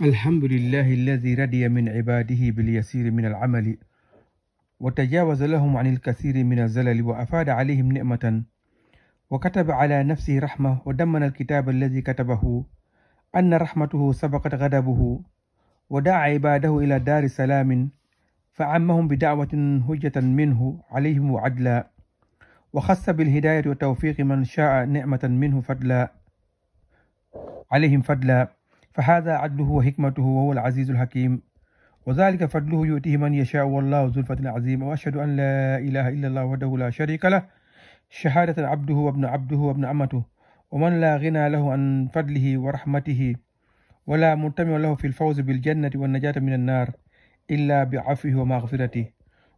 الحمد لله الذي ردي من عباده باليسير من العمل وتجاوز لهم عن الكثير من الزلل وأفاد عليهم نعمة وكتب على نفسه رحمة ودمن الكتاب الذي كتبه أن رحمته سبقت غضبه ودعا عباده إلى دار سلام فعمهم بدعوة هجة منه عليهم وعدلا وخص بالهداية وتوفيق من شاء نعمة منه فضلا عليهم فضلا فهذا عدله وحكمته وهو العزيز الحكيم وذلك فضله يؤتيه من يشاء والله ذو الفضل العظيم وأشهد أن لا إله إلا الله وحده لا شريك له شهادة عبده وابن عبده وابن أمته ومن لا غنى له عن فضله ورحمته ولا منتمع له في الفوز بالجنة والنجاة من النار إلا بعفوه ومغفرته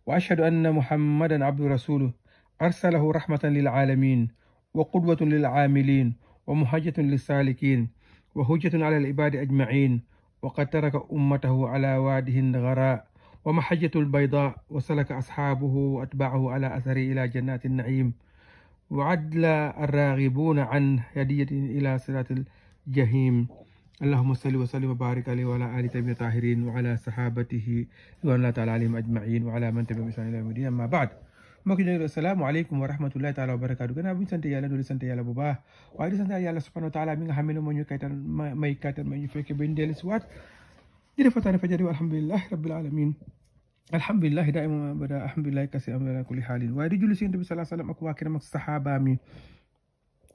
وأشهد أن محمدا عبد رسوله أرسله رحمة للعالمين وقدوة للعاملين ومحجة للسالكين وحجة على العباد أجمعين وقد ترك أمته على واده غراء ومحجة البيضاء وسلك أصحابه وأتباعه على أثره إلى جنات النعيم وعدل الراغبون عن هدية إلى صراط الجحيم اللهم صل وسلم وبارك عليه وعلى آل تيمية الطاهرين وعلى صحابته رضوان الله تعالى عليهم أجمعين وعلى من تبعهم بإحسان إلى يوم الدين أما بعد mbokk yi jërëjëf asalaamaaleykum wa rahmatullahi taala wa barakaatu gannaaw bu ñu sant yàlla doolu sant yàlla bu baax waaye di sant yàlla subhanahu wa taala mi nga xam ne moo ñu kaytan may kaytan may ñu fekke ba ñu dellu si waat di def fataane fajari alhamdulilahi rabbil alamin alhamdulilahi daa ima bada alhamdulilahi kasi am ala kulli xaalin waaye di julli si yonent bi salaa salaam ak waa kiram ak saxaabaam yi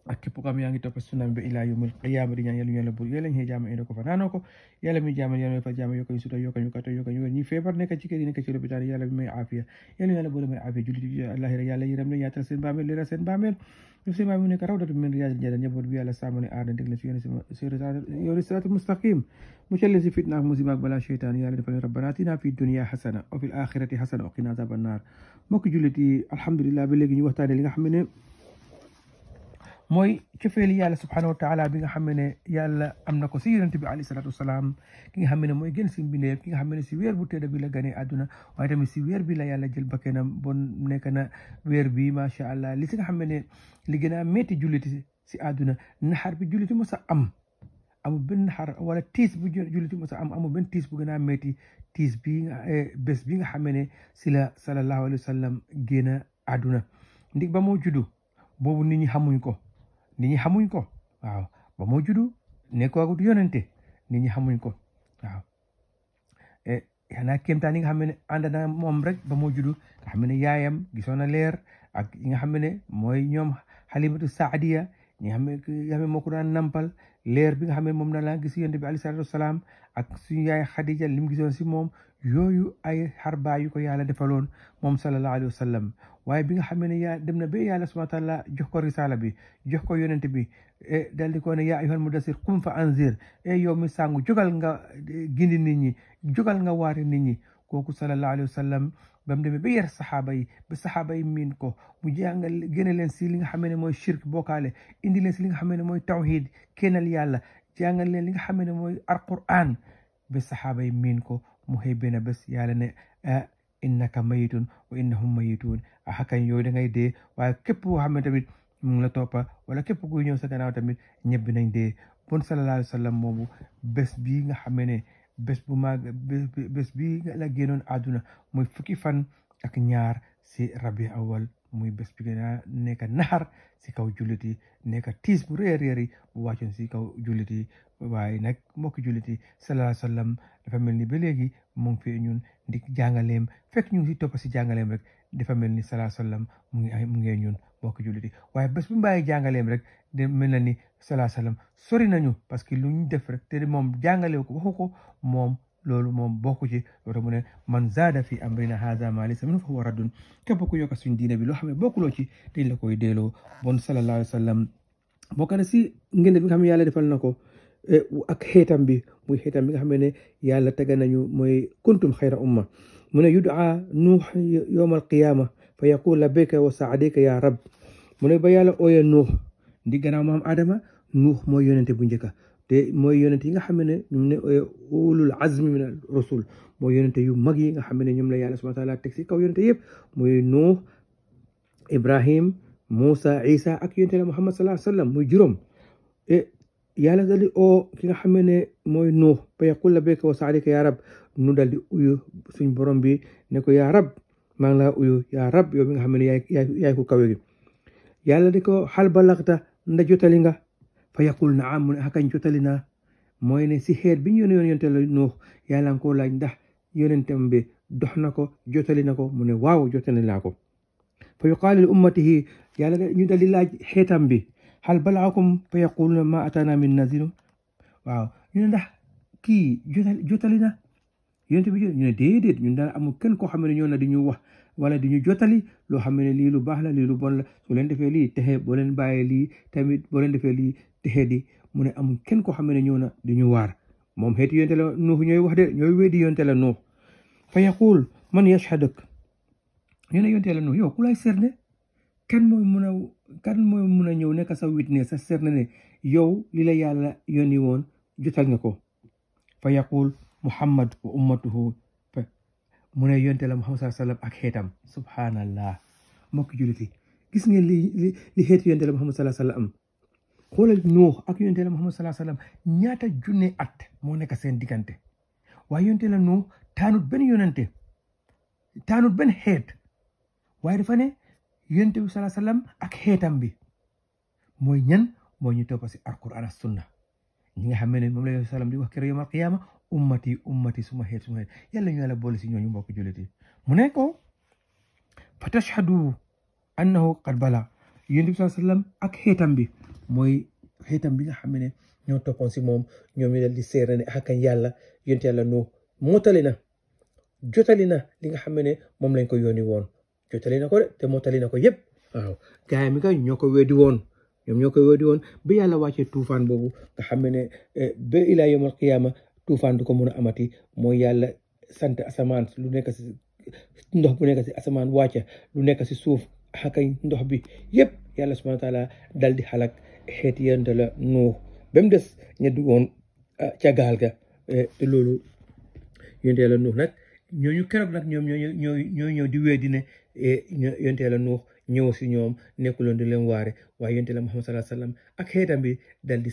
ak képp ko am yaa ngi topp sunna bi ilaa yawmil qiyaama di ñaan yàlla ñu yàlla bur yàlla ñu jaam indi ko fanaanoo ko yàlla mi jaam yàlla fa jaam yokk ñu sutura yokk ñu kattan yokk ñu wér ñi feebar nekk ci kër yi nekk ci lopitaan yàlla bi may aafiya yàlla yàlla boole may aafiya jullit àllaaxira yàlla yërëm leen yaatal seen bàmmeel leeral seen bàmmeel def seen bàmmeel nekk rawdatu min riyaadil janna njaboot bi yàlla sàmm ne aar dégg na si yoonu siraatal mustaqim muccal si fitna ak musiba ak balaa seytaan yàlla defal rabbana atina fi dunya hasana wa fil axirati hasana wa qina azaban naar mbokk jullit yi alhamdulilah ba léegi ñu waxtaane li nga xam ne mooy cofeeli yàlla subhanahu wa taala bi nga xam ne yàlla am na ko si yonent bi alayhi salaatu wasalaam ki nga xam ne mooy gën si mbindeef ki nga xam ne si weer bu tedd bi la gane àdduna waaye tamit si weer bi la yàlla jël kenam bon nekk na weer bi macha allah li si nga xam ne li gën a métti julliti si àdduna naxar bi julliti mos sa am amul benn naxar wala tiis bu julliti mos sa am amul benn tiis bu gën a métti tiis bi nga eh, bés bi nga xam ne si la sallallahu alayhi wa sallam génn àdduna ndig ba moo juddu boobu nit ñi xamuñ ko nit ñi xamuñ ko waaw ba moo juddu nekkoogut yonente nit ñi xamuñ ko waaw xanaa e, kéemtaan yi nga xam ne ànd na moom rek ba moo juddu nga xam yaayam gisoon na leer ak yi nga xam ne mooy ñoom xalimatu saadiya ñi nga xam ne moo ko daan nampal leer bi nga xam ne moom na laa gis yonent bi aleyhi salaatu wasalaam ak suñu yaay Xadija li mu gisoon si moom yooyu ay xarbaa yu ko yàlla defaloon moom sallallahu alayhi wa sallam waaye bi nga xam ne yaa dem na ba yàlla subhaanahu wa taala jox ko risaala bi jox ko yonent bi e dal di ko ne yaa ayyuhal mudassir qum fa anzir e yow mi sàngu jógal nga gindi nit ñi jógal nga waari nit ñi kooku sallallahu alayhi wa sallam ba mu demee ba yar saxaaba yi ba saxaaba miin ko mu jàngal génne leen si li nga xam ne mooy shirk bokkaale indi leen si li nga xam ne mooy tawhid kennal yàlla jàngal leen li nga xam ne mooy alquran ba saxaaba yi miin ko mu xëy benn bés yàlla ne ah, innaka mayitun wa innahum mayitun ah, da ngay dee waaye képp koo xam ne tamit mu ngi la toppa wala képp kuy ñëw sa gannaaw tamit ñëpp nañ dee bon sallallahu alayhi wa sallam moomu bés bii nga xam bés bu mag bés bi la génnoon àdduna muy fukki fan ak ñaar si rabi awal muy bés bi gën a nekk si kaw jullit yi nekk tiis bu réer réer yi bu wàccoon si kaw jullit yi waaye nag mbokki jullit yi sallallahu alayhi sallam dafa mel ni ba léegi mu ngi fi ñun di jàngaleem fekk ñu ngi si topp si jàngaleem rek dafa mel ni sallallahu alayhi sallam mu ngi ay mu ngi ñun mbokki julliti waaye bés bu mu bàyyi jàngaleem rek de mel na ni salaa salaam sori nañu parce que lu ñu def rek te moom jàngale ko waxu ko moom loolu moom bokku ci loolu mu ne man zaada fi amrina haza ma laysa minhu fa huwa raddun képp ku yokk suñ diine bi loo xam ne bokkuloo ci dañ la koy delloo bon sallallahu alayhi wa sallam bokk na si ngëneel bi nga xam yàlla defal na ko eh, ak xeetam bi muy xeetam bi nga xam ne yàlla tega nañu mooy kuntum xayra umma mu ne yudaa nuux yowma alqiyama fa yaqul labbayka wa saadika ya mu ba yàlla ooyee nuux di gannaaw maam Adama nuux mooy yonente bu njëkka te mooy yonente yi nga xam ne ñoom ne ulul azmi min al mooy yonente yu mag yi nga xam ne ñoom la yàlla subhana taala teg si kaw yonente yëpp muy nuux ibrahim moussa isa ak yonente la muhammad salaa muy juróom e yàlla ki nga xam ne mooy nuux fa yaqul labbayka wa saadika ya nu dal di borom bi ne ko ya rab maa ngi laa uyu yaa rab yow mi nga xam ne yaay ku kawe yàlla di ko xal balaxta nda jotali nga fa yaqul na am mu ne xakañ jotali naa mooy ne si xeet bi ñu yónni yoon yonente la nuux yàlla nga koo laaj ndax yonentam bi dox na ko jotali na ko mu ne waaw jotali laa ko fa yuqaalu li ummatihi yàlla ñu dal di laaj xeetam bi hal balaakum fa yaquluna ma atana min naziru waaw ñu ne ndax kii jotali na yonente bi ñu ne déedéet ñun daal amul kenn koo xam ne ñoo na di ñu wax wala di ñu jottali loo xam ne lii lu baax la lii lu bon la soo leen defee lii texe boo leen bàyyee lii tamit boo leen defee lii texe di mu ne amul kenn koo xam ne ñëw na di ñu waar moom xeeti yonte la nuux ñooy wax de ñooy weddi yonte la nuux fa yaqul man yashhadak ñu ne yonte la nuux yow ku lay serne kan mooy a kan mooy mun a ñëw nekk sa witness sa serne ne yow lii la yàlla yónni woon jotal nga ko fa yaqul muhammad wa ummatuhu mu ne yonte la Muhammad sallallahu alayhi wa sallam ak xeetam subhanallah mbokk jullit yi gis ngeen li li li xeetu yonte la Muhammad Nuux ak yonte la Muhammad sallallahu alayhi ñaata junne at moo nekk seen diggante waaye yonte la Nuux taanut benn yonante taanut benn xeet waaye dafa ne yonte bi sallallahu alayhi ak xeetam bi mooy ñan mooy ñu topp si alquran ak sunna ñi nga xam ne moom la yonte sallam di wax kër yawmal qiyaama ummati ummati suma xeet suma xeet yàlla ñu yàlla boole si ñooñu mbokk jullit yi mu ne ko fa tashhadu annahu qad bala yonent bi sallallahu ak xeetam bi mooy xeetam bi nga xam ne ñoo toppoon si moom ñoom ñu dal di seere ne xakkan yàlla yonent yàlla nu mootali na jotali na li nga xam ne moom lañ ko yónni woon jotali na ko de te mootali na ko yëpp waaw gaay mi nga ñoo ko weddi woon ñoom ñoo ko weddi woon ba yàlla wàccee tuufaan boobu nga xam ne eh, ba ilaa yawmal tuufaan du ko mën a amati mooy yàlla sant asamaan lu nekk si ndox bu nekk si asamaan wàcca lu nekk si suuf xakay ndox bi yépp yàlla subhaana taala dal di xalak xeeti yonte la nuux ba mu des ña duggoon ah, ca gaal ga eh, te loolu yonte nuux nag ñooñu keroog nag ñoom di wéy di eh, nuux ñëw si ñoom nekkuloon di leen waare waaye yonte la Muhammad sallallahu alayhi wa sallam ak xeetam bi dal ah, li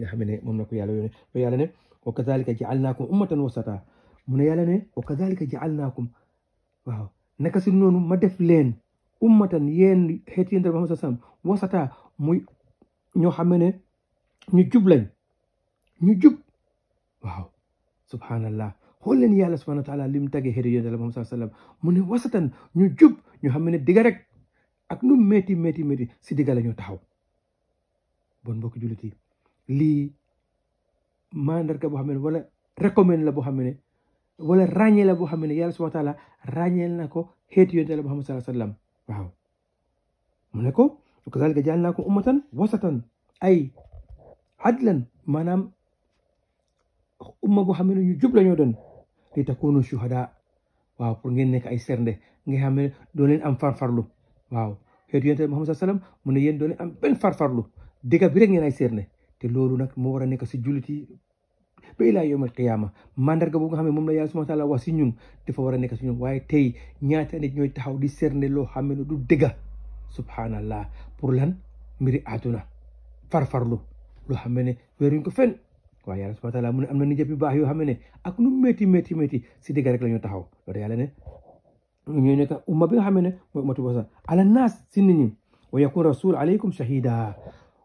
nga xam ne na ko yàlla yone to yàlla si noonu ma def leen ummatan yéen xeet yonte la Muhammad sallallahu alayhi wa sallam wasata muy ñoo xam ne ñu jub lañ ñu jub waaw subhanallah xool leen yàlla subhanahu wa taala li mu tagge xëri yonent la moom sallallahu alayhi wa sallam mu ne wasatan ñu jub ñu xam ne digga rek ak nu métti métti métti si digga la ñu taxaw bon mbokk jullit yi lii mandarga boo xam ne wala recommande la boo xam ne wala ràññee la boo xam ne yàlla subhanahu wa taala ràññeel na ko xeeti yonent la Muhammad sallallahu alayhi wa sallam waaw mu ne ko kazaalika ja'alnaakum ummatan wasatan ay adlan maanaam umma boo xam ne ñu jub la ñoo doon li shuhada waaw pour ngeen nekk ay sernde nga xam ne doo leen am farfarlu waaw xeetu yonent Muhammad sallam mu ne yéen doo leen am benn farfarlu dëgg bi rek ngeen ay sernde te loolu nag moo war a nekk si jullit yi ba ilaa yawmal qiyaama mandarga bu nga xam ne moom la yàlla subhaanahu wa taala wax si ñun dafa war a nekk si ñun waaye tey ñaata nit ñooy taxaw di sernde loo xam ne du dëgg subhaanallah pour lan mbiri àdduna farfarlu loo xam ne ko fenn waaye yàlla subhaana taala mu am na ni jëpp yu baax yoo xam ne ak nu métti métti métti si dëgg rek la ñu taxaw loolu yàlla ne ñooy nekk bi nga xam ne mooy ummatu boobu sax ala naas si nit ñi wa yakun rasul aleykum shahida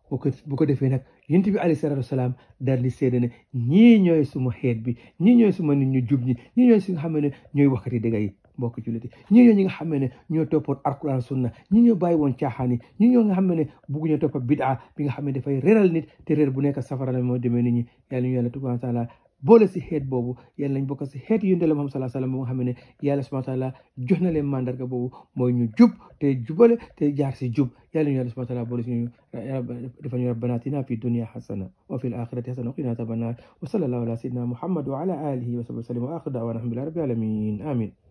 bu ko bu ko defee nag yonent bi alayhi salaatu wasalaam daal di seede ne ñii ñooy suma xeet bi ñii ñooy suma nit ñu jub ñi ñii ñooy si nga xam ne ñooy waxati dëgg yi mbokk julliti ñi ñoo ñi nga xam ne ñoo toppoon alquran sunna ñi ñoo bàyyi woon caaxaan yi ñi ñoo nga xam ne bugguñoo toppa bidaa bi nga xam ne dafay réeral nit te réer bu nekk safara la moo demee nit ñi yàlla ñu yàlla boole si xeet boobu yàlla nañ bokk si xeet yu ndela Muhammad sallallahu alayhi wasallam nga xam ne yàlla subhanahu wa taala jox na leen mandarga boobu mooy ñu jub te jubale te jaar si jub yàlla ñu yàlla subhanahu wa taala boole si ñu dafa ñu rabbana atina fi dunya hasana wa fil akhirati hasana wa qina adhaban wa sallallahu ala sayyidina Muhammad wa ala alihi wa sahbihi wa sallam wa akhir da'wana alhamdulillahi